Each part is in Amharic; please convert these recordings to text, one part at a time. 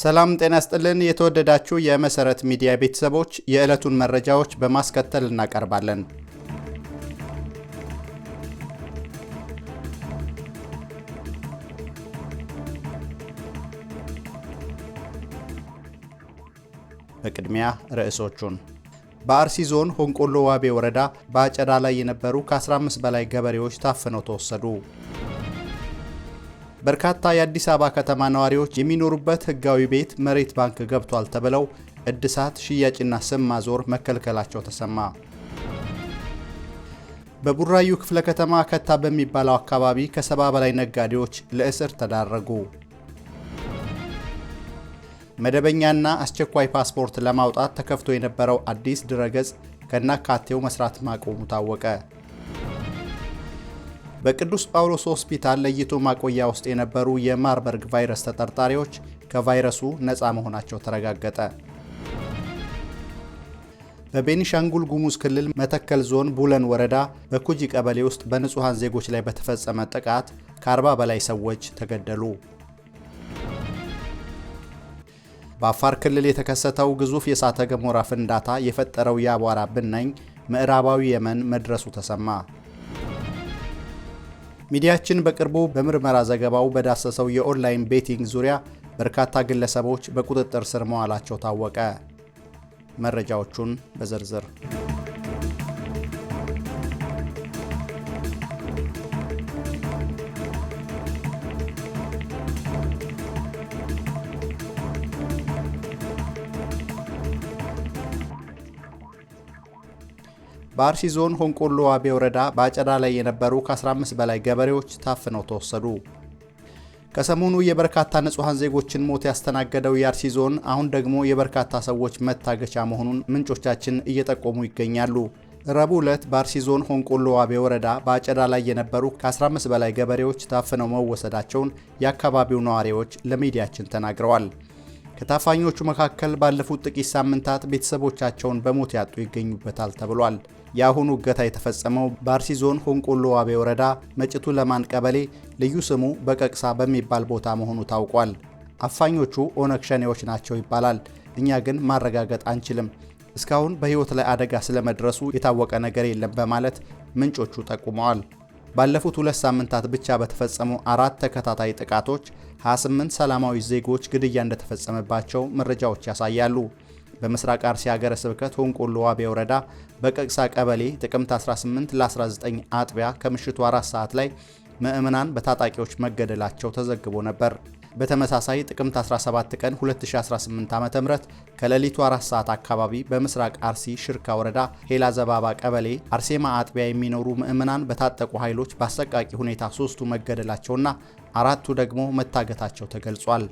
ሰላም ጤና ስጥልን። የተወደዳችሁ የመሰረት ሚዲያ ቤተሰቦች የዕለቱን መረጃዎች በማስከተል እናቀርባለን። በቅድሚያ ርዕሶቹን በአርሲ ዞን ሆንቆሎ ዋቤ ወረዳ በአጨዳ ላይ የነበሩ ከ15 በላይ ገበሬዎች ታፍነው ተወሰዱ። በርካታ የአዲስ አበባ ከተማ ነዋሪዎች የሚኖሩበት ህጋዊ ቤት መሬት ባንክ ገብቷል ተብለው እድሳት፣ ሽያጭና ስም ማዞር መከልከላቸው ተሰማ። በቡራዩ ክፍለ ከተማ ከታ በሚባለው አካባቢ ከሰባ በላይ ነጋዴዎች ለእስር ተዳረጉ። መደበኛና አስቸኳይ ፓስፖርት ለማውጣት ተከፍቶ የነበረው አዲስ ድረገጽ ከናካቴው መስራት ማቆሙ ታወቀ። በቅዱስ ጳውሎስ ሆስፒታል ለይቶ ማቆያ ውስጥ የነበሩ የማርበርግ ቫይረስ ተጠርጣሪዎች ከቫይረሱ ነፃ መሆናቸው ተረጋገጠ። በቤኒሻንጉል ጉሙዝ ክልል መተከል ዞን ቡለን ወረዳ በኩጂ ቀበሌ ውስጥ በንጹሐን ዜጎች ላይ በተፈጸመ ጥቃት ከ40 በላይ ሰዎች ተገደሉ። በአፋር ክልል የተከሰተው ግዙፍ የእሳተ ገሞራ ፍንዳታ የፈጠረው የአቧራ ብናኝ ምዕራባዊ የመን መድረሱ ተሰማ። ሚዲያችን በቅርቡ በምርመራ ዘገባው በዳሰሰው የኦንላይን ቤቲንግ ዙሪያ በርካታ ግለሰቦች በቁጥጥር ስር መዋላቸው ታወቀ። መረጃዎቹን በዝርዝር በአርሲ ዞን ሆንቆሎ ዋቤ ወረዳ በአጨዳ ላይ የነበሩ ከ15 በላይ ገበሬዎች ታፍነው ተወሰዱ። ከሰሞኑ የበርካታ ንጹሐን ዜጎችን ሞት ያስተናገደው የአርሲ ዞን አሁን ደግሞ የበርካታ ሰዎች መታገቻ መሆኑን ምንጮቻችን እየጠቆሙ ይገኛሉ። ረቡዕ ዕለት በአርሲ ዞን ሆንቆሎ ዋቤ ወረዳ በአጨዳ ላይ የነበሩ ከ15 በላይ ገበሬዎች ታፍነው መወሰዳቸውን የአካባቢው ነዋሪዎች ለሚዲያችን ተናግረዋል። ከታፋኞቹ መካከል ባለፉት ጥቂት ሳምንታት ቤተሰቦቻቸውን በሞት ያጡ ይገኙበታል ተብሏል። የአሁኑ እገታ የተፈጸመው በአርሲ ዞን ሆንቆሎ ዋቤ ወረዳ መጭቱ ለማን ቀበሌ ልዩ ስሙ በቀቅሳ በሚባል ቦታ መሆኑ ታውቋል። አፋኞቹ ኦነግ ሸኔዎች ናቸው ይባላል። እኛ ግን ማረጋገጥ አንችልም። እስካሁን በሕይወት ላይ አደጋ ስለመድረሱ የታወቀ ነገር የለም በማለት ምንጮቹ ጠቁመዋል። ባለፉት ሁለት ሳምንታት ብቻ በተፈጸሙ አራት ተከታታይ ጥቃቶች 28 ሰላማዊ ዜጎች ግድያ እንደተፈጸመባቸው መረጃዎች ያሳያሉ። በምስራቅ አርሲ ሀገረ ስብከት ሆንቆሎ ዋቤ ወረዳ በቀቅሳ ቀበሌ ጥቅምት 18 ለ19 አጥቢያ ከምሽቱ 4 ሰዓት ላይ ምዕመናን በታጣቂዎች መገደላቸው ተዘግቦ ነበር። በተመሳሳይ ጥቅምት 17 ቀን 2018 ዓ.ም ከሌሊቱ 4 ሰዓት አካባቢ በምስራቅ አርሲ ሽርካ ወረዳ ሄላ ዘባባ ቀበሌ አርሴማ አጥቢያ የሚኖሩ ምዕመናን በታጠቁ ኃይሎች በአሰቃቂ ሁኔታ ሶስቱ መገደላቸውና አራቱ ደግሞ መታገታቸው ተገልጿል።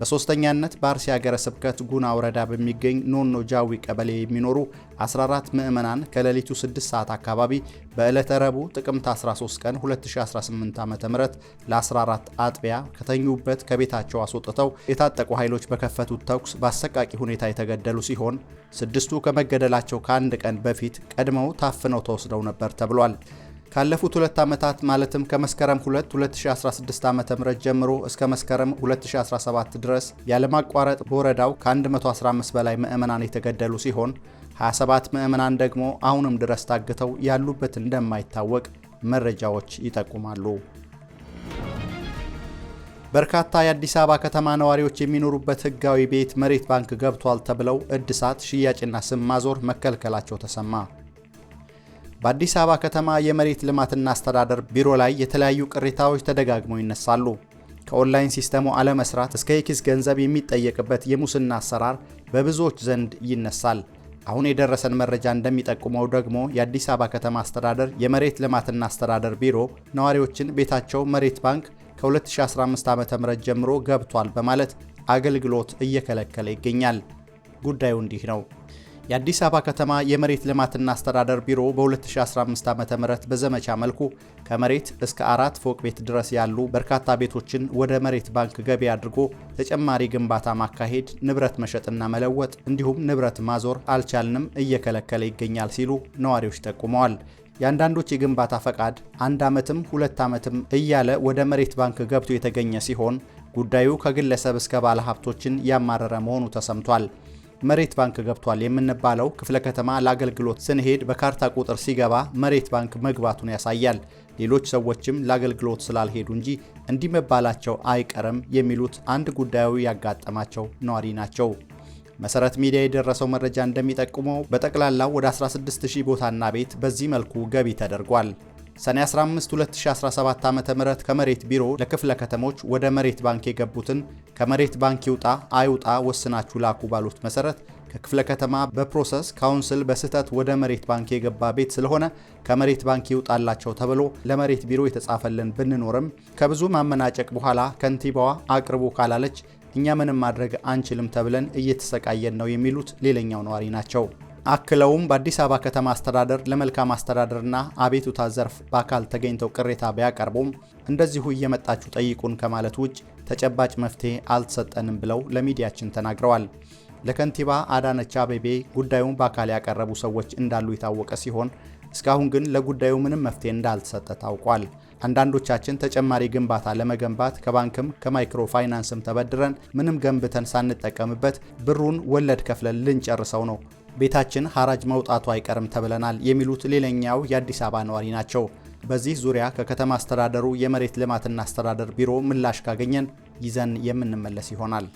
በሶስተኛነት በአርሲ ሀገረ ስብከት ጉና ወረዳ በሚገኝ ኖኖ ጃዊ ቀበሌ የሚኖሩ 14 ምዕመናን ከሌሊቱ 6 ሰዓት አካባቢ በዕለተ ረቡዕ ጥቅምት 13 ቀን 2018 ዓ ም ለ14 አጥቢያ ከተኙበት ከቤታቸው አስወጥተው የታጠቁ ኃይሎች በከፈቱት ተኩስ በአሰቃቂ ሁኔታ የተገደሉ ሲሆን ስድስቱ ከመገደላቸው ከአንድ ቀን በፊት ቀድመው ታፍነው ተወስደው ነበር ተብሏል። ካለፉት ሁለት ዓመታት ማለትም ከመስከረም 2 2016 ዓ.ም ጀምሮ እስከ መስከረም 2017 ድረስ ያለማቋረጥ በወረዳው ከ115 በላይ ምዕመናን የተገደሉ ሲሆን 27 ምዕመናን ደግሞ አሁንም ድረስ ታግተው ያሉበት እንደማይታወቅ መረጃዎች ይጠቁማሉ። በርካታ የአዲስ አበባ ከተማ ነዋሪዎች የሚኖሩበት ህጋዊ ቤት መሬት ባንክ ገብቷል ተብለው እድሳት፣ ሽያጭና ስም ማዞር መከልከላቸው ተሰማ። በአዲስ አበባ ከተማ የመሬት ልማትና አስተዳደር ቢሮ ላይ የተለያዩ ቅሬታዎች ተደጋግመው ይነሳሉ። ከኦንላይን ሲስተሙ አለመስራት እስከ የኪስ ገንዘብ የሚጠየቅበት የሙስና አሰራር በብዙዎች ዘንድ ይነሳል። አሁን የደረሰን መረጃ እንደሚጠቁመው ደግሞ የአዲስ አበባ ከተማ አስተዳደር የመሬት ልማትና አስተዳደር ቢሮ ነዋሪዎችን ቤታቸው መሬት ባንክ ከ2015 ዓ.ም ጀምሮ ገብቷል በማለት አገልግሎት እየከለከለ ይገኛል። ጉዳዩ እንዲህ ነው። የአዲስ አበባ ከተማ የመሬት ልማትና አስተዳደር ቢሮ በ2015 ም በዘመቻ መልኩ ከመሬት እስከ አራት ፎቅ ቤት ድረስ ያሉ በርካታ ቤቶችን ወደ መሬት ባንክ ገቢ አድርጎ ተጨማሪ ግንባታ ማካሄድ፣ ንብረት መሸጥና መለወጥ እንዲሁም ንብረት ማዞር አልቻልንም፣ እየከለከለ ይገኛል ሲሉ ነዋሪዎች ጠቁመዋል። የአንዳንዶች የግንባታ ፈቃድ አንድ ዓመትም ሁለት ዓመትም እያለ ወደ መሬት ባንክ ገብቶ የተገኘ ሲሆን ጉዳዩ ከግለሰብ እስከ ባለ ሀብቶችን ያማረረ መሆኑ ተሰምቷል። መሬት ባንክ ገብቷል የምንባለው ክፍለ ከተማ ለአገልግሎት ስንሄድ በካርታ ቁጥር ሲገባ መሬት ባንክ መግባቱን ያሳያል። ሌሎች ሰዎችም ለአገልግሎት ስላልሄዱ እንጂ እንዲህ መባላቸው አይቀርም የሚሉት አንድ ጉዳዩ ያጋጠማቸው ነዋሪ ናቸው። መሰረት ሚዲያ የደረሰው መረጃ እንደሚጠቁመው በጠቅላላው ወደ 16000 ቦታና ቤት በዚህ መልኩ ገቢ ተደርጓል። ሰኔ 15 2017 ዓ.ም ከመሬት ቢሮ ለክፍለ ከተሞች ወደ መሬት ባንክ የገቡትን ከመሬት ባንክ ይውጣ አይውጣ ወስናችሁ ላኩ ባሉት መሰረት ከክፍለ ከተማ በፕሮሰስ ካውንስል በስህተት ወደ መሬት ባንክ የገባ ቤት ስለሆነ ከመሬት ባንክ ይውጣላቸው ተብሎ ለመሬት ቢሮ የተጻፈልን ብንኖርም ከብዙ ማመናጨቅ በኋላ ከንቲባዋ አቅርቦ ካላለች እኛ ምንም ማድረግ አንችልም ተብለን እየተሰቃየን ነው የሚሉት ሌላኛው ነዋሪ ናቸው። አክለውም በአዲስ አበባ ከተማ አስተዳደር ለመልካም አስተዳደርና አቤቱታ ዘርፍ በአካል ተገኝተው ቅሬታ ቢያቀርቡም እንደዚሁ እየመጣችሁ ጠይቁን ከማለት ውጭ ተጨባጭ መፍትሄ አልተሰጠንም ብለው ለሚዲያችን ተናግረዋል። ለከንቲባ አዳነች አቤቤ ጉዳዩን በአካል ያቀረቡ ሰዎች እንዳሉ የታወቀ ሲሆን እስካሁን ግን ለጉዳዩ ምንም መፍትሄ እንዳልተሰጠ ታውቋል። አንዳንዶቻችን ተጨማሪ ግንባታ ለመገንባት ከባንክም ከማይክሮ ፋይናንስም ተበድረን ምንም ገንብተን ሳንጠቀምበት ብሩን ወለድ ከፍለን ልንጨርሰው ነው ቤታችን ሐራጅ መውጣቱ አይቀርም ተብለናል የሚሉት ሌላኛው የአዲስ አበባ ነዋሪ ናቸው። በዚህ ዙሪያ ከከተማ አስተዳደሩ የመሬት ልማትና አስተዳደር ቢሮ ምላሽ ካገኘን ይዘን የምንመለስ ይሆናል።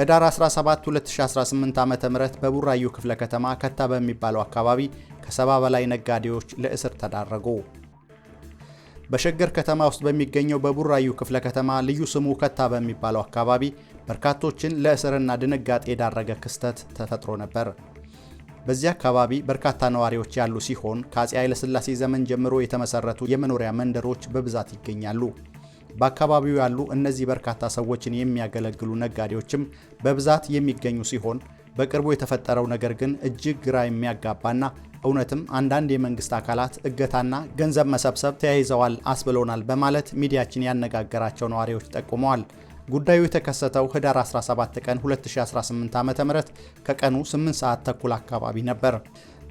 ህዳር 17 2018 ዓ.ም በቡራዩ ክፍለ ከተማ ከታ በሚባለው አካባቢ ከሰባ በላይ ነጋዴዎች ለእስር ተዳረጉ። በሸገር ከተማ ውስጥ በሚገኘው በቡራዩ ክፍለ ከተማ ልዩ ስሙ ከታ በሚባለው አካባቢ በርካቶችን ለእስርና ድንጋጤ የዳረገ ክስተት ተፈጥሮ ነበር። በዚህ አካባቢ በርካታ ነዋሪዎች ያሉ ሲሆን ከአፄ ኃይለሥላሴ ዘመን ጀምሮ የተመሰረቱ የመኖሪያ መንደሮች በብዛት ይገኛሉ። በአካባቢው ያሉ እነዚህ በርካታ ሰዎችን የሚያገለግሉ ነጋዴዎችም በብዛት የሚገኙ ሲሆን በቅርቡ የተፈጠረው ነገር ግን እጅግ ግራ የሚያጋባና እውነትም አንዳንድ የመንግስት አካላት እገታና ገንዘብ መሰብሰብ ተያይዘዋል አስብሎናል በማለት ሚዲያችን ያነጋገራቸው ነዋሪዎች ጠቁመዋል። ጉዳዩ የተከሰተው ህዳር 17 ቀን 2018 ዓ ም ከቀኑ 8 ሰዓት ተኩል አካባቢ ነበር።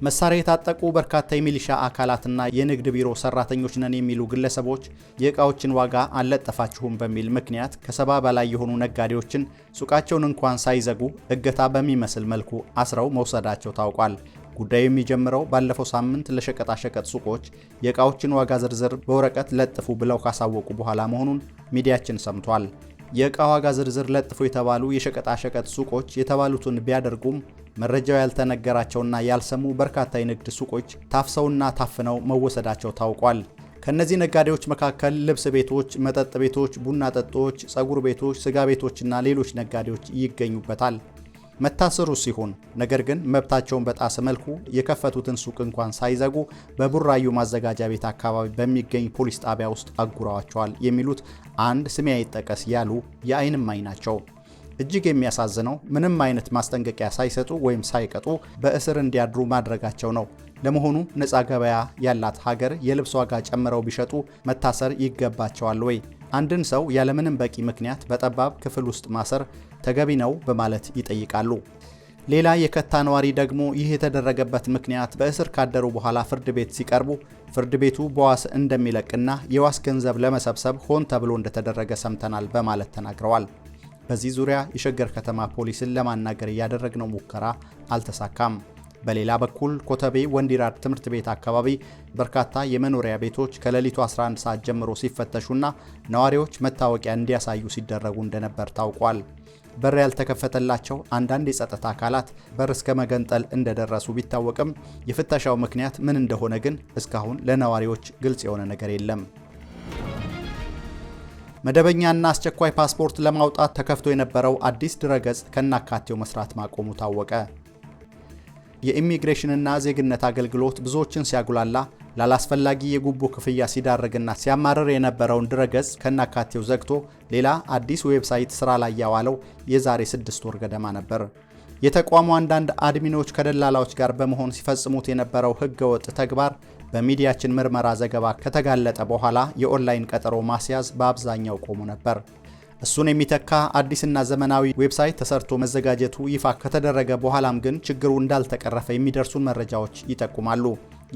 መሳሪያ የታጠቁ በርካታ የሚሊሻ አካላትና የንግድ ቢሮ ሰራተኞች ነን የሚሉ ግለሰቦች የእቃዎችን ዋጋ አልለጠፋችሁም በሚል ምክንያት ከሰባ በላይ የሆኑ ነጋዴዎችን ሱቃቸውን እንኳን ሳይዘጉ እገታ በሚመስል መልኩ አስረው መውሰዳቸው ታውቋል። ጉዳዩ የሚጀምረው ባለፈው ሳምንት ለሸቀጣሸቀጥ ሱቆች የእቃዎችን ዋጋ ዝርዝር በወረቀት ለጥፉ ብለው ካሳወቁ በኋላ መሆኑን ሚዲያችን ሰምቷል። የእቃ ዋጋ ዝርዝር ለጥፎ የተባሉ የሸቀጣሸቀጥ ሱቆች የተባሉትን ቢያደርጉም መረጃው ያልተነገራቸውና ያልሰሙ በርካታ የንግድ ሱቆች ታፍሰውና ታፍነው መወሰዳቸው ታውቋል። ከነዚህ ነጋዴዎች መካከል ልብስ ቤቶች፣ መጠጥ ቤቶች፣ ቡና ጠጦች፣ ጸጉር ቤቶች፣ ስጋ ቤቶችና ሌሎች ነጋዴዎች ይገኙበታል። መታሰሩ ሲሆን ነገር ግን መብታቸውን በጣሰ መልኩ የከፈቱትን ሱቅ እንኳን ሳይዘጉ በቡራዩ ማዘጋጃ ቤት አካባቢ በሚገኝ ፖሊስ ጣቢያ ውስጥ አጉረዋቸዋል የሚሉት አንድ ስሜ አይጠቀስ ያሉ የአይን እማኝ ናቸው። እጅግ የሚያሳዝነው ምንም አይነት ማስጠንቀቂያ ሳይሰጡ ወይም ሳይቀጡ በእስር እንዲያድሩ ማድረጋቸው ነው። ለመሆኑ ነፃ ገበያ ያላት ሀገር የልብስ ዋጋ ጨምረው ቢሸጡ መታሰር ይገባቸዋል ወይ? አንድን ሰው ያለምንም በቂ ምክንያት በጠባብ ክፍል ውስጥ ማሰር ተገቢ ነው በማለት ይጠይቃሉ። ሌላ የከታ ነዋሪ ደግሞ ይህ የተደረገበት ምክንያት በእስር ካደሩ በኋላ ፍርድ ቤት ሲቀርቡ ፍርድ ቤቱ በዋስ እንደሚለቅና የዋስ ገንዘብ ለመሰብሰብ ሆን ተብሎ እንደተደረገ ሰምተናል በማለት ተናግረዋል። በዚህ ዙሪያ የሸገር ከተማ ፖሊስን ለማናገር እያደረግነው ሙከራ አልተሳካም። በሌላ በኩል ኮተቤ ወንዲራድ ትምህርት ቤት አካባቢ በርካታ የመኖሪያ ቤቶች ከሌሊቱ 11 ሰዓት ጀምሮ ሲፈተሹና ነዋሪዎች መታወቂያ እንዲያሳዩ ሲደረጉ እንደነበር ታውቋል። በር ያልተከፈተላቸው አንዳንድ የጸጥታ አካላት በር እስከ መገንጠል እንደደረሱ ቢታወቅም የፍተሻው ምክንያት ምን እንደሆነ ግን እስካሁን ለነዋሪዎች ግልጽ የሆነ ነገር የለም። መደበኛና አስቸኳይ ፓስፖርት ለማውጣት ተከፍቶ የነበረው አዲስ ድረገጽ ከናካቴው መስራት ማቆሙ ታወቀ። የኢሚግሬሽንና ዜግነት አገልግሎት ብዙዎችን ሲያጉላላ ላላስፈላጊ የጉቦ ክፍያ ሲዳረግና ሲያማርር የነበረውን ድረገጽ ከናካቴው ዘግቶ ሌላ አዲስ ዌብሳይት ስራ ላይ ያዋለው የዛሬ ስድስት ወር ገደማ ነበር። የተቋሙ አንዳንድ አድሚኖች ከደላላዎች ጋር በመሆን ሲፈጽሙት የነበረው ህገወጥ ተግባር በሚዲያችን ምርመራ ዘገባ ከተጋለጠ በኋላ የኦንላይን ቀጠሮ ማስያዝ በአብዛኛው ቆሞ ነበር። እሱን የሚተካ አዲስና ዘመናዊ ዌብሳይት ተሰርቶ መዘጋጀቱ ይፋ ከተደረገ በኋላም ግን ችግሩ እንዳልተቀረፈ የሚደርሱን መረጃዎች ይጠቁማሉ።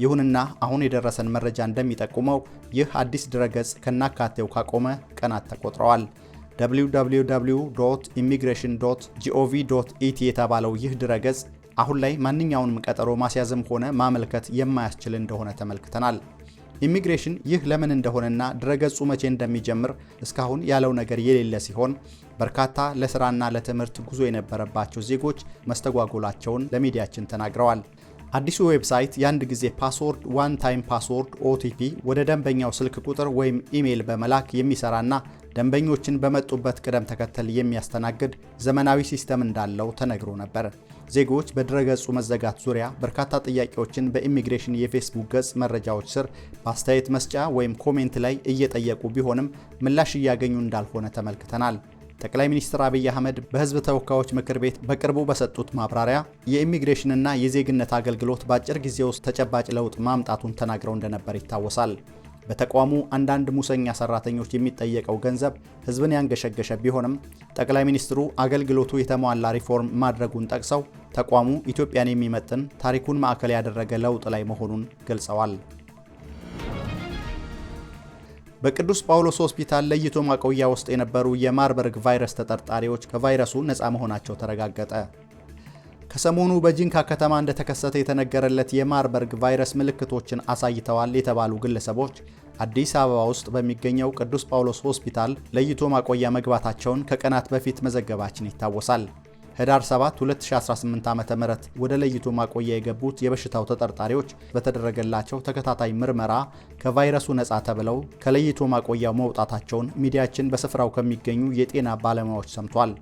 ይሁንና አሁን የደረሰን መረጃ እንደሚጠቁመው ይህ አዲስ ድረገጽ ከናካቴው ካቆመ ቀናት ተቆጥረዋል። www ኢሚግሬሽን ኢቲ የተባለው ይህ ድረገጽ አሁን ላይ ማንኛውንም ቀጠሮ ማስያዝም ሆነ ማመልከት የማያስችል እንደሆነ ተመልክተናል። ኢሚግሬሽን ይህ ለምን እንደሆነና ድረገጹ መቼ እንደሚጀምር እስካሁን ያለው ነገር የሌለ ሲሆን በርካታ ለስራና ለትምህርት ጉዞ የነበረባቸው ዜጎች መስተጓጎላቸውን ለሚዲያችን ተናግረዋል። አዲሱ ዌብሳይት የአንድ ጊዜ ፓስወርድ ዋን ታይም ፓስወርድ ኦቲፒ ወደ ደንበኛው ስልክ ቁጥር ወይም ኢሜይል በመላክ የሚሰራና ደንበኞችን በመጡበት ቅደም ተከተል የሚያስተናግድ ዘመናዊ ሲስተም እንዳለው ተነግሮ ነበር። ዜጎች በድረገጹ መዘጋት ዙሪያ በርካታ ጥያቄዎችን በኢሚግሬሽን የፌስቡክ ገጽ መረጃዎች ስር በአስተያየት መስጫ ወይም ኮሜንት ላይ እየጠየቁ ቢሆንም ምላሽ እያገኙ እንዳልሆነ ተመልክተናል። ጠቅላይ ሚኒስትር አብይ አህመድ በህዝብ ተወካዮች ምክር ቤት በቅርቡ በሰጡት ማብራሪያ የኢሚግሬሽንና የዜግነት አገልግሎት በአጭር ጊዜ ውስጥ ተጨባጭ ለውጥ ማምጣቱን ተናግረው እንደነበር ይታወሳል። በተቋሙ አንዳንድ ሙሰኛ ሰራተኞች የሚጠየቀው ገንዘብ ህዝብን ያንገሸገሸ ቢሆንም ጠቅላይ ሚኒስትሩ አገልግሎቱ የተሟላ ሪፎርም ማድረጉን ጠቅሰው ተቋሙ ኢትዮጵያን የሚመጥን ታሪኩን ማዕከል ያደረገ ለውጥ ላይ መሆኑን ገልጸዋል። በቅዱስ ጳውሎስ ሆስፒታል ለይቶ ማቆያ ውስጥ የነበሩ የማርበርግ ቫይረስ ተጠርጣሪዎች ከቫይረሱ ነፃ መሆናቸው ተረጋገጠ። ከሰሞኑ በጂንካ ከተማ እንደተከሰተ የተነገረለት የማርበርግ ቫይረስ ምልክቶችን አሳይተዋል የተባሉ ግለሰቦች አዲስ አበባ ውስጥ በሚገኘው ቅዱስ ጳውሎስ ሆስፒታል ለይቶ ማቆያ መግባታቸውን ከቀናት በፊት መዘገባችን ይታወሳል። ህዳር 7 2018 ዓ.ም ወደ ለይቶ ማቆያ የገቡት የበሽታው ተጠርጣሪዎች በተደረገላቸው ተከታታይ ምርመራ ከቫይረሱ ነፃ ተብለው ከለይቶ ማቆያው መውጣታቸውን ሚዲያችን በስፍራው ከሚገኙ የጤና ባለሙያዎች ሰምቷል።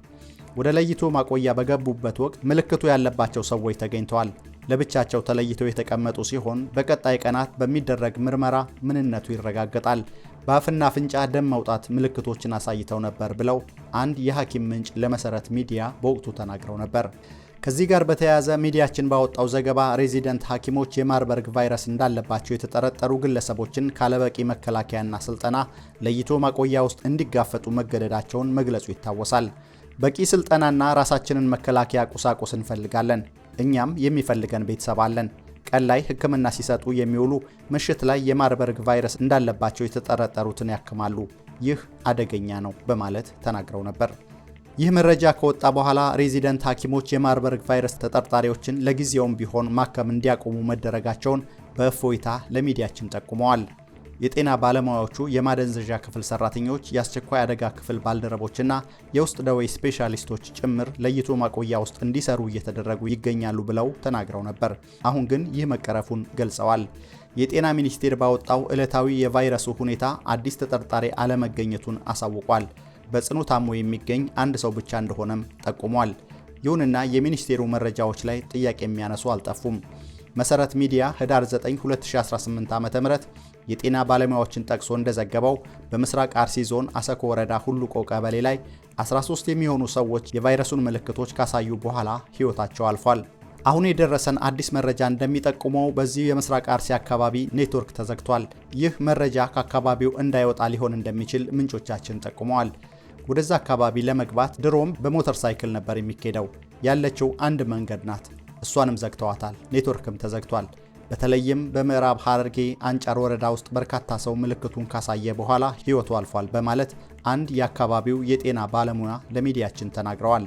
ወደ ለይቶ ማቆያ በገቡበት ወቅት ምልክቱ ያለባቸው ሰዎች ተገኝተዋል። ለብቻቸው ተለይተው የተቀመጡ ሲሆን በቀጣይ ቀናት በሚደረግ ምርመራ ምንነቱ ይረጋገጣል። በአፍና አፍንጫ ደም መውጣት ምልክቶችን አሳይተው ነበር ብለው አንድ የሐኪም ምንጭ ለመሰረት ሚዲያ በወቅቱ ተናግረው ነበር። ከዚህ ጋር በተያያዘ ሚዲያችን ባወጣው ዘገባ ሬዚደንት ሐኪሞች የማርበርግ ቫይረስ እንዳለባቸው የተጠረጠሩ ግለሰቦችን ካለበቂ መከላከያና ስልጠና ለይቶ ማቆያ ውስጥ እንዲጋፈጡ መገደዳቸውን መግለጹ ይታወሳል። በቂ ስልጠናና ራሳችንን መከላከያ ቁሳቁስ እንፈልጋለን። እኛም የሚፈልገን ቤተሰብ አለን። ቀን ላይ ሕክምና ሲሰጡ የሚውሉ ምሽት ላይ የማርበርግ ቫይረስ እንዳለባቸው የተጠረጠሩትን ያክማሉ። ይህ አደገኛ ነው በማለት ተናግረው ነበር። ይህ መረጃ ከወጣ በኋላ ሬዚደንት ሐኪሞች የማርበርግ ቫይረስ ተጠርጣሪዎችን ለጊዜውም ቢሆን ማከም እንዲያቆሙ መደረጋቸውን በእፎይታ ለሚዲያችን ጠቁመዋል። የጤና ባለሙያዎቹ የማደንዘዣ ክፍል ሰራተኞች፣ የአስቸኳይ አደጋ ክፍል ባልደረቦችና የውስጥ ደዌ ስፔሻሊስቶች ጭምር ለይቶ ማቆያ ውስጥ እንዲሰሩ እየተደረጉ ይገኛሉ ብለው ተናግረው ነበር። አሁን ግን ይህ መቀረፉን ገልጸዋል። የጤና ሚኒስቴር ባወጣው ዕለታዊ የቫይረሱ ሁኔታ አዲስ ተጠርጣሪ አለመገኘቱን አሳውቋል። በጽኑ ታሞ የሚገኝ አንድ ሰው ብቻ እንደሆነም ጠቁሟል። ይሁንና የሚኒስቴሩ መረጃዎች ላይ ጥያቄ የሚያነሱ አልጠፉም። መሰረት ሚዲያ ህዳር 9 2018 ዓ.ም የጤና ባለሙያዎችን ጠቅሶ እንደዘገበው በምስራቅ አርሲ ዞን አሰኮ ወረዳ ሁሉቆ ቀበሌ ላይ 13 የሚሆኑ ሰዎች የቫይረሱን ምልክቶች ካሳዩ በኋላ ሕይወታቸው አልፏል። አሁን የደረሰን አዲስ መረጃ እንደሚጠቁመው በዚህ የምስራቅ አርሲ አካባቢ ኔትወርክ ተዘግቷል። ይህ መረጃ ከአካባቢው እንዳይወጣ ሊሆን እንደሚችል ምንጮቻችን ጠቁመዋል። ወደዛ አካባቢ ለመግባት ድሮም በሞተር ሳይክል ነበር የሚኬደው። ያለችው አንድ መንገድ ናት፣ እሷንም ዘግተዋታል። ኔትወርክም ተዘግቷል። በተለይም በምዕራብ ሐረርጌ አንጫር ወረዳ ውስጥ በርካታ ሰው ምልክቱን ካሳየ በኋላ ሕይወቱ አልፏል በማለት አንድ የአካባቢው የጤና ባለሙያ ለሚዲያችን ተናግረዋል።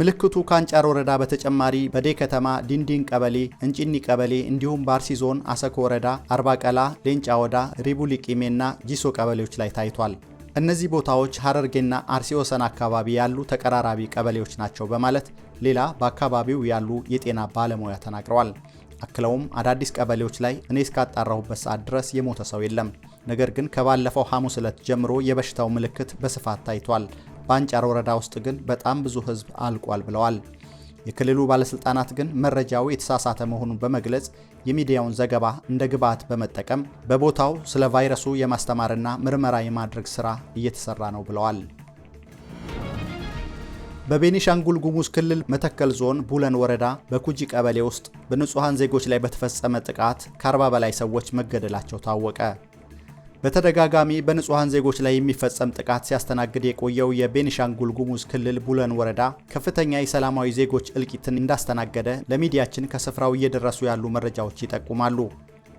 ምልክቱ ከአንጫር ወረዳ በተጨማሪ በዴ ከተማ ዲንዲን ቀበሌ፣ እንጭኒ ቀበሌ እንዲሁም በአርሲ ዞን አሰኮ ወረዳ አርባ ቀላ፣ ሌንጫ ወዳ፣ እና ጂሶ ቀበሌዎች ላይ ታይቷል። እነዚህ ቦታዎች ሐረርጌና አርሲ ወሰን አካባቢ ያሉ ተቀራራቢ ቀበሌዎች ናቸው በማለት ሌላ በአካባቢው ያሉ የጤና ባለሙያ ተናግረዋል። አክለውም አዳዲስ ቀበሌዎች ላይ እኔ እስካጣራሁበት ሰዓት ድረስ የሞተ ሰው የለም። ነገር ግን ከባለፈው ሐሙስ ዕለት ጀምሮ የበሽታው ምልክት በስፋት ታይቷል። በአንጫር ወረዳ ውስጥ ግን በጣም ብዙ ሕዝብ አልቋል ብለዋል። የክልሉ ባለስልጣናት ግን መረጃው የተሳሳተ መሆኑን በመግለጽ የሚዲያውን ዘገባ እንደ ግብዓት በመጠቀም በቦታው ስለ ቫይረሱ የማስተማርና ምርመራ የማድረግ ስራ እየተሰራ ነው ብለዋል። በቤኒሻንጉል ጉሙዝ ክልል መተከል ዞን ቡለን ወረዳ በኩጂ ቀበሌ ውስጥ በንጹሐን ዜጎች ላይ በተፈጸመ ጥቃት ከ40 በላይ ሰዎች መገደላቸው ታወቀ። በተደጋጋሚ በንጹሐን ዜጎች ላይ የሚፈጸም ጥቃት ሲያስተናግድ የቆየው የቤኒሻንጉል ጉሙዝ ክልል ቡለን ወረዳ ከፍተኛ የሰላማዊ ዜጎች እልቂትን እንዳስተናገደ ለሚዲያችን ከስፍራው እየደረሱ ያሉ መረጃዎች ይጠቁማሉ።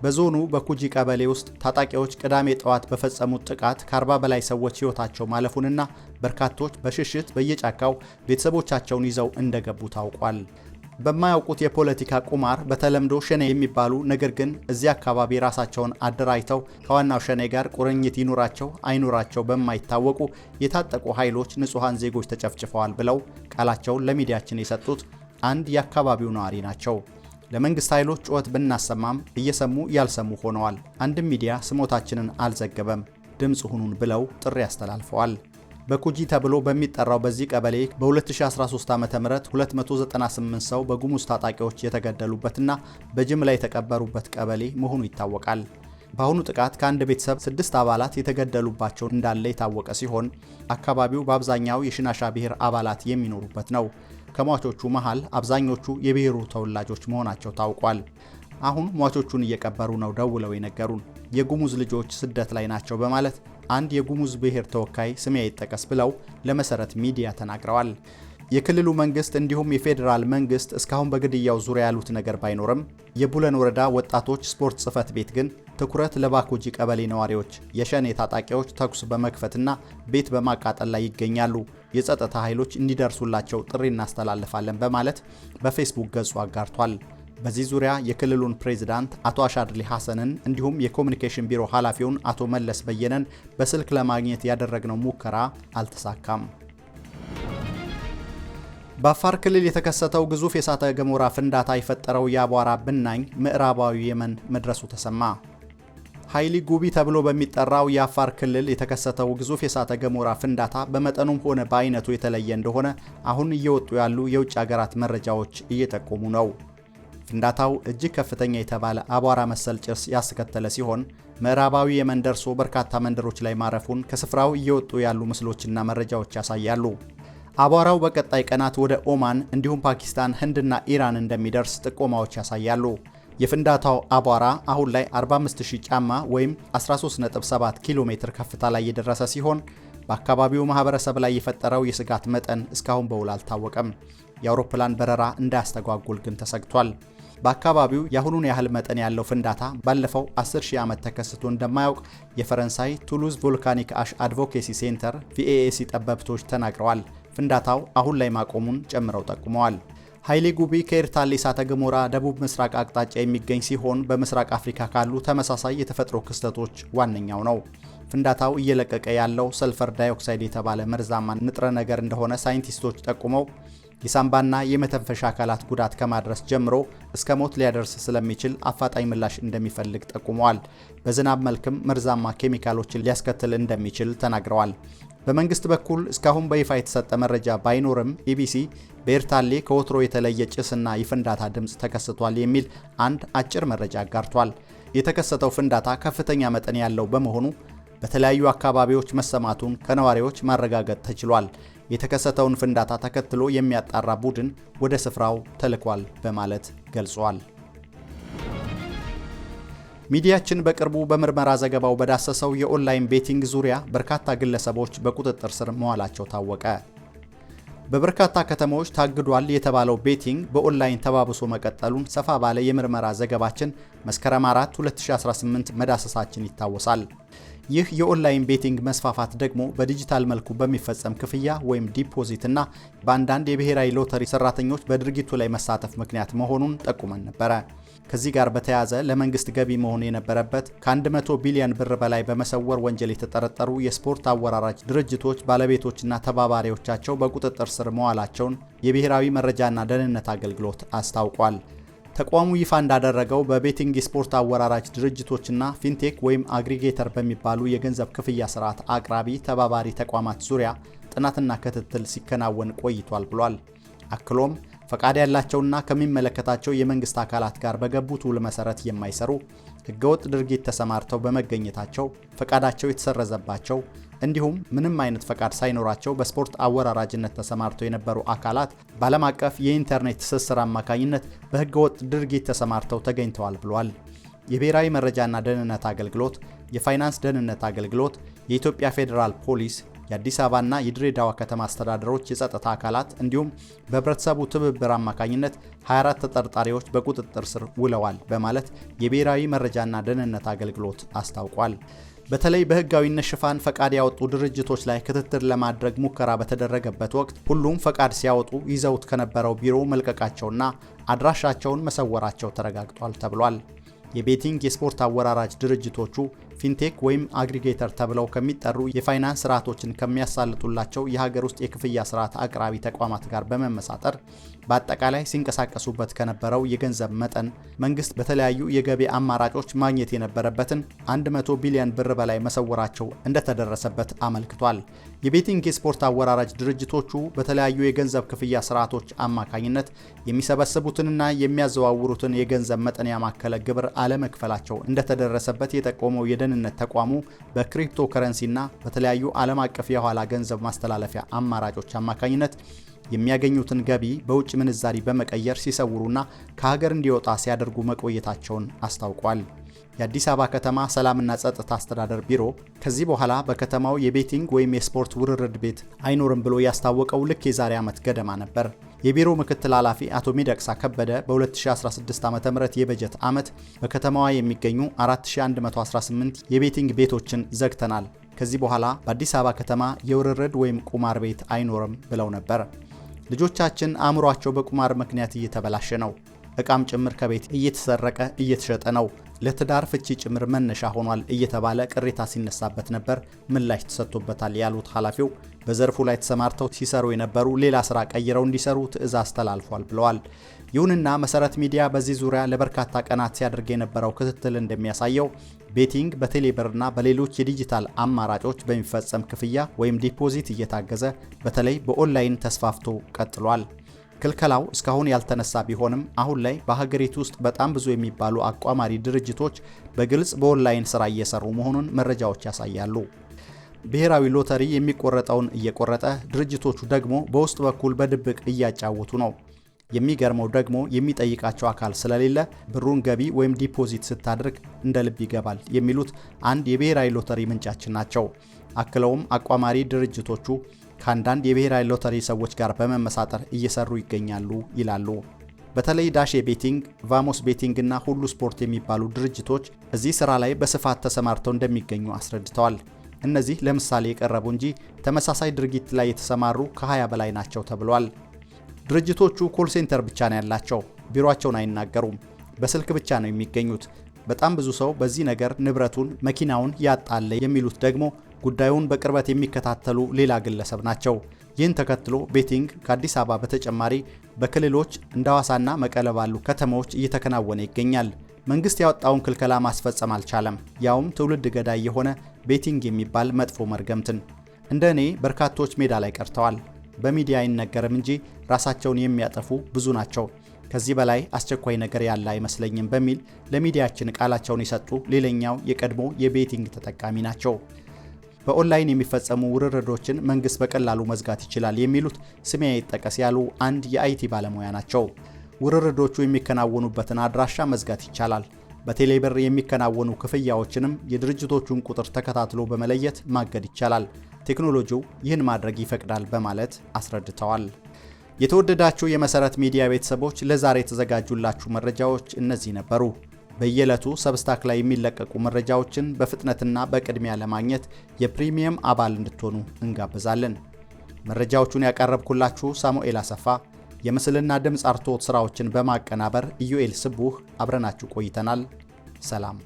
በዞኑ በኩጂ ቀበሌ ውስጥ ታጣቂዎች ቅዳሜ ጠዋት በፈጸሙት ጥቃት ከ40 በላይ ሰዎች ሕይወታቸው ማለፉንና በርካቶች በሽሽት በየጫካው ቤተሰቦቻቸውን ይዘው እንደገቡ ታውቋል። በማያውቁት የፖለቲካ ቁማር በተለምዶ ሸኔ የሚባሉ ነገር ግን እዚህ አካባቢ ራሳቸውን አደራጅተው ከዋናው ሸኔ ጋር ቁርኝት ይኑራቸው አይኑራቸው በማይታወቁ የታጠቁ ኃይሎች ንጹሐን ዜጎች ተጨፍጭፈዋል ብለው ቃላቸውን ለሚዲያችን የሰጡት አንድ የአካባቢው ነዋሪ ናቸው። ለመንግስት ኃይሎች ጩኸት ብናሰማም እየሰሙ ያልሰሙ ሆነዋል። አንድም ሚዲያ ስሞታችንን አልዘገበም፣ ድምፅ ሁኑን ብለው ጥሪ አስተላልፈዋል። በኩጂ ተብሎ በሚጠራው በዚህ ቀበሌ በ2013 ዓ ም 298 ሰው በጉሙዝ ታጣቂዎች የተገደሉበትና በጅምላ የተቀበሩበት ቀበሌ መሆኑ ይታወቃል። በአሁኑ ጥቃት ከአንድ ቤተሰብ ስድስት አባላት የተገደሉባቸው እንዳለ የታወቀ ሲሆን አካባቢው በአብዛኛው የሽናሻ ብሔር አባላት የሚኖሩበት ነው። ከሟቾቹ መሃል አብዛኞቹ የብሔሩ ተወላጆች መሆናቸው ታውቋል። አሁን ሟቾቹን እየቀበሩ ነው ደውለው የነገሩን። የጉሙዝ ልጆች ስደት ላይ ናቸው በማለት አንድ የጉሙዝ ብሔር ተወካይ ስሜ አይጠቀስ ብለው ለመሰረት ሚዲያ ተናግረዋል። የክልሉ መንግስት እንዲሁም የፌዴራል መንግስት እስካሁን በግድያው ዙሪያ ያሉት ነገር ባይኖርም የቡለን ወረዳ ወጣቶች ስፖርት ጽህፈት ቤት ግን ትኩረት ለባኮጂ ቀበሌ ነዋሪዎች የሸኔ ታጣቂዎች ተኩስ በመክፈትና ቤት በማቃጠል ላይ ይገኛሉ። የጸጥታ ኃይሎች እንዲደርሱላቸው ጥሪ እናስተላልፋለን በማለት በፌስቡክ ገጹ አጋርቷል። በዚህ ዙሪያ የክልሉን ፕሬዝዳንት አቶ አሻድሊ ሐሰንን እንዲሁም የኮሚኒኬሽን ቢሮ ኃላፊውን አቶ መለስ በየነን በስልክ ለማግኘት ያደረግነው ሙከራ አልተሳካም። በአፋር ክልል የተከሰተው ግዙፍ የእሳተ ገሞራ ፍንዳታ የፈጠረው የአቧራ ብናኝ ምዕራባዊ የመን መድረሱ ተሰማ። ኃይሊ ጉቢ ተብሎ በሚጠራው የአፋር ክልል የተከሰተው ግዙፍ የእሳተ ገሞራ ፍንዳታ በመጠኑም ሆነ በአይነቱ የተለየ እንደሆነ አሁን እየወጡ ያሉ የውጭ ሀገራት መረጃዎች እየጠቆሙ ነው። ፍንዳታው እጅግ ከፍተኛ የተባለ አቧራ መሰል ጭስ ያስከተለ ሲሆን ምዕራባዊ የመን ደርሶ በርካታ መንደሮች ላይ ማረፉን ከስፍራው እየወጡ ያሉ ምስሎችና መረጃዎች ያሳያሉ። አቧራው በቀጣይ ቀናት ወደ ኦማን እንዲሁም ፓኪስታን፣ ህንድና ኢራን እንደሚደርስ ጥቆማዎች ያሳያሉ። የፍንዳታው አቧራ አሁን ላይ 45000 ጫማ ወይም 137 ኪሎ ሜትር ከፍታ ላይ የደረሰ ሲሆን በአካባቢው ማህበረሰብ ላይ የፈጠረው የስጋት መጠን እስካሁን በውል አልታወቀም። የአውሮፕላን በረራ እንዳያስተጓጉል ግን ተሰግቷል። በአካባቢው የአሁኑን ያህል መጠን ያለው ፍንዳታ ባለፈው 10 ሺህ ዓመት ተከስቶ እንደማያውቅ የፈረንሳይ ቱሉዝ ቮልካኒክ አሽ አድቮኬሲ ሴንተር ቪኤኤሲ ጠበብቶች ተናግረዋል። ፍንዳታው አሁን ላይ ማቆሙን ጨምረው ጠቁመዋል። ኃይሌ ጉቢ ከኤርታሌ እሳተ ገሞራ ደቡብ ምስራቅ አቅጣጫ የሚገኝ ሲሆን በምስራቅ አፍሪካ ካሉ ተመሳሳይ የተፈጥሮ ክስተቶች ዋነኛው ነው። ፍንዳታው እየለቀቀ ያለው ሰልፈር ዳይኦክሳይድ የተባለ መርዛማ ንጥረ ነገር እንደሆነ ሳይንቲስቶች ጠቁመው የሳምባና የመተንፈሻ አካላት ጉዳት ከማድረስ ጀምሮ እስከ ሞት ሊያደርስ ስለሚችል አፋጣኝ ምላሽ እንደሚፈልግ ጠቁመዋል። በዝናብ መልክም መርዛማ ኬሚካሎችን ሊያስከትል እንደሚችል ተናግረዋል። በመንግስት በኩል እስካሁን በይፋ የተሰጠ መረጃ ባይኖርም ኢቢሲ በኤርታሌ ከወትሮ የተለየ ጭስና የፍንዳታ ድምፅ ተከስቷል የሚል አንድ አጭር መረጃ አጋርቷል። የተከሰተው ፍንዳታ ከፍተኛ መጠን ያለው በመሆኑ በተለያዩ አካባቢዎች መሰማቱን ከነዋሪዎች ማረጋገጥ ተችሏል። የተከሰተውን ፍንዳታ ተከትሎ የሚያጣራ ቡድን ወደ ስፍራው ተልኳል በማለት ገልጿል። ሚዲያችን በቅርቡ በምርመራ ዘገባው በዳሰሰው የኦንላይን ቤቲንግ ዙሪያ በርካታ ግለሰቦች በቁጥጥር ስር መዋላቸው ታወቀ። በበርካታ ከተሞች ታግዷል የተባለው ቤቲንግ በኦንላይን ተባብሶ መቀጠሉን ሰፋ ባለ የምርመራ ዘገባችን መስከረም 4 2018 መዳሰሳችን ይታወሳል። ይህ የኦንላይን ቤቲንግ መስፋፋት ደግሞ በዲጂታል መልኩ በሚፈጸም ክፍያ ወይም ዲፖዚት እና በአንዳንድ የብሔራዊ ሎተሪ ሰራተኞች በድርጊቱ ላይ መሳተፍ ምክንያት መሆኑን ጠቁመን ነበረ። ከዚህ ጋር በተያያዘ ለመንግስት ገቢ መሆን የነበረበት ከ100 ቢሊዮን ብር በላይ በመሰወር ወንጀል የተጠረጠሩ የስፖርት አወራራጅ ድርጅቶች ባለቤቶችና ተባባሪዎቻቸው በቁጥጥር ስር መዋላቸውን የብሔራዊ መረጃና ደህንነት አገልግሎት አስታውቋል። ተቋሙ ይፋ እንዳደረገው በቤቲንግ የስፖርት አወራራጅ ድርጅቶችና ፊንቴክ ወይም አግሪጌተር በሚባሉ የገንዘብ ክፍያ ስርዓት አቅራቢ ተባባሪ ተቋማት ዙሪያ ጥናትና ክትትል ሲከናወን ቆይቷል ብሏል። አክሎም ፈቃድ ያላቸውና ከሚመለከታቸው የመንግስት አካላት ጋር በገቡት ውል መሰረት የማይሰሩ ህገወጥ ድርጊት ተሰማርተው በመገኘታቸው ፈቃዳቸው የተሰረዘባቸው እንዲሁም ምንም አይነት ፈቃድ ሳይኖራቸው በስፖርት አወራራጅነት ተሰማርተው የነበሩ አካላት በዓለም አቀፍ የኢንተርኔት ትስስር አማካኝነት በህገወጥ ድርጊት ተሰማርተው ተገኝተዋል ብሏል። የብሔራዊ መረጃና ደህንነት አገልግሎት፣ የፋይናንስ ደህንነት አገልግሎት፣ የኢትዮጵያ ፌዴራል ፖሊስ የአዲስ አበባና የድሬዳዋ ከተማ አስተዳደሮች የጸጥታ አካላት እንዲሁም በህብረተሰቡ ትብብር አማካኝነት 24 ተጠርጣሪዎች በቁጥጥር ስር ውለዋል በማለት የብሔራዊ መረጃና ደህንነት አገልግሎት አስታውቋል። በተለይ በህጋዊነት ሽፋን ፈቃድ ያወጡ ድርጅቶች ላይ ክትትል ለማድረግ ሙከራ በተደረገበት ወቅት ሁሉም ፈቃድ ሲያወጡ ይዘውት ከነበረው ቢሮ መልቀቃቸውና አድራሻቸውን መሰወራቸው ተረጋግጧል ተብሏል። የቤቲንግ የስፖርት አወራራጅ ድርጅቶቹ ፊንቴክ ወይም አግሪጌተር ተብለው ከሚጠሩ የፋይናንስ ስርዓቶችን ከሚያሳልጡላቸው የሀገር ውስጥ የክፍያ ስርዓት አቅራቢ ተቋማት ጋር በመመሳጠር በአጠቃላይ ሲንቀሳቀሱበት ከነበረው የገንዘብ መጠን መንግስት በተለያዩ የገቢ አማራጮች ማግኘት የነበረበትን 100 ቢሊዮን ብር በላይ መሰወራቸው እንደተደረሰበት አመልክቷል። የቤቲንግ የስፖርት አወራራጅ ድርጅቶቹ በተለያዩ የገንዘብ ክፍያ ስርዓቶች አማካኝነት የሚሰበስቡትንና የሚያዘዋውሩትን የገንዘብ መጠን ያማከለ ግብር አለመክፈላቸው እንደተደረሰበት የጠቆመው የደ የደህንነት ተቋሙ በክሪፕቶ ከረንሲና በተለያዩ ዓለም አቀፍ የኋላ ገንዘብ ማስተላለፊያ አማራጮች አማካኝነት የሚያገኙትን ገቢ በውጭ ምንዛሪ በመቀየር ሲሰውሩና ከሀገር እንዲወጣ ሲያደርጉ መቆየታቸውን አስታውቋል። የአዲስ አበባ ከተማ ሰላምና ጸጥታ አስተዳደር ቢሮ ከዚህ በኋላ በከተማው የቤቲንግ ወይም የስፖርት ውርርድ ቤት አይኖርም ብሎ ያስታወቀው ልክ የዛሬ ዓመት ገደማ ነበር። የቢሮ ምክትል ኃላፊ አቶ ሚደቅሳ ከበደ በ2016 ዓ ም የበጀት ዓመት በከተማዋ የሚገኙ 4118 የቤቲንግ ቤቶችን ዘግተናል፣ ከዚህ በኋላ በአዲስ አበባ ከተማ የውርርድ ወይም ቁማር ቤት አይኖርም ብለው ነበር። ልጆቻችን አእምሯቸው በቁማር ምክንያት እየተበላሸ ነው፣ እቃም ጭምር ከቤት እየተሰረቀ እየተሸጠ ነው ለትዳር ፍቺ ጭምር መነሻ ሆኗል እየተባለ ቅሬታ ሲነሳበት ነበር። ምላሽ ተሰጥቶበታል ያሉት ኃላፊው በዘርፉ ላይ ተሰማርተው ሲሰሩ የነበሩ ሌላ ስራ ቀይረው እንዲሰሩ ትዕዛዝ ተላልፏል ብለዋል። ይሁንና መሰረት ሚዲያ በዚህ ዙሪያ ለበርካታ ቀናት ሲያደርግ የነበረው ክትትል እንደሚያሳየው ቤቲንግ በቴሌብርና በሌሎች የዲጂታል አማራጮች በሚፈጸም ክፍያ ወይም ዲፖዚት እየታገዘ በተለይ በኦንላይን ተስፋፍቶ ቀጥሏል። ክልከላው እስካሁን ያልተነሳ ቢሆንም አሁን ላይ በሀገሪቱ ውስጥ በጣም ብዙ የሚባሉ አቋማሪ ድርጅቶች በግልጽ በኦንላይን ስራ እየሰሩ መሆኑን መረጃዎች ያሳያሉ። ብሔራዊ ሎተሪ የሚቆረጠውን እየቆረጠ ድርጅቶቹ ደግሞ በውስጥ በኩል በድብቅ እያጫወቱ ነው። የሚገርመው ደግሞ የሚጠይቃቸው አካል ስለሌለ ብሩን ገቢ ወይም ዲፖዚት ስታደርግ እንደ ልብ ይገባል የሚሉት አንድ የብሔራዊ ሎተሪ ምንጫችን ናቸው። አክለውም አቋማሪ ድርጅቶቹ ከአንዳንድ የብሔራዊ ሎተሪ ሰዎች ጋር በመመሳጠር እየሰሩ ይገኛሉ ይላሉ። በተለይ ዳሼ ቤቲንግ፣ ቫሞስ ቤቲንግ እና ሁሉ ስፖርት የሚባሉ ድርጅቶች እዚህ ስራ ላይ በስፋት ተሰማርተው እንደሚገኙ አስረድተዋል። እነዚህ ለምሳሌ የቀረቡ እንጂ ተመሳሳይ ድርጊት ላይ የተሰማሩ ከ20 በላይ ናቸው ተብሏል። ድርጅቶቹ ኮል ሴንተር ብቻ ነው ያላቸው፣ ቢሮአቸውን አይናገሩም፣ በስልክ ብቻ ነው የሚገኙት። በጣም ብዙ ሰው በዚህ ነገር ንብረቱን መኪናውን ያጣለ የሚሉት ደግሞ ጉዳዩን በቅርበት የሚከታተሉ ሌላ ግለሰብ ናቸው። ይህን ተከትሎ ቤቲንግ ከአዲስ አበባ በተጨማሪ በክልሎች እንደ ሐዋሳና መቀለ ባሉ ከተሞች እየተከናወነ ይገኛል። መንግስት ያወጣውን ክልከላ ማስፈጸም አልቻለም። ያውም ትውልድ ገዳይ የሆነ ቤቲንግ የሚባል መጥፎ መርገምትን። እንደ እኔ በርካቶች ሜዳ ላይ ቀርተዋል። በሚዲያ አይነገርም እንጂ ራሳቸውን የሚያጠፉ ብዙ ናቸው። ከዚህ በላይ አስቸኳይ ነገር ያለ አይመስለኝም በሚል ለሚዲያችን ቃላቸውን የሰጡ ሌላኛው የቀድሞ የቤቲንግ ተጠቃሚ ናቸው። በኦንላይን የሚፈጸሙ ውርርዶችን መንግስት በቀላሉ መዝጋት ይችላል የሚሉት ስሜ ይጠቀስ ያሉ አንድ የአይቲ ባለሙያ ናቸው። ውርርዶቹ የሚከናወኑበትን አድራሻ መዝጋት ይቻላል። በቴሌብር የሚከናወኑ ክፍያዎችንም የድርጅቶቹን ቁጥር ተከታትሎ በመለየት ማገድ ይቻላል። ቴክኖሎጂው ይህን ማድረግ ይፈቅዳል በማለት አስረድተዋል። የተወደዳችሁ የመሰረት ሚዲያ ቤተሰቦች ለዛሬ የተዘጋጁላችሁ መረጃዎች እነዚህ ነበሩ። በየዕለቱ ሰብስታክ ላይ የሚለቀቁ መረጃዎችን በፍጥነትና በቅድሚያ ለማግኘት የፕሪሚየም አባል እንድትሆኑ እንጋብዛለን። መረጃዎቹን ያቀረብኩላችሁ ሳሙኤል አሰፋ፣ የምስልና ድምፅ አርትዖት ሥራዎችን በማቀናበር ኢዩኤል ስቡህ፣ አብረናችሁ ቆይተናል። ሰላም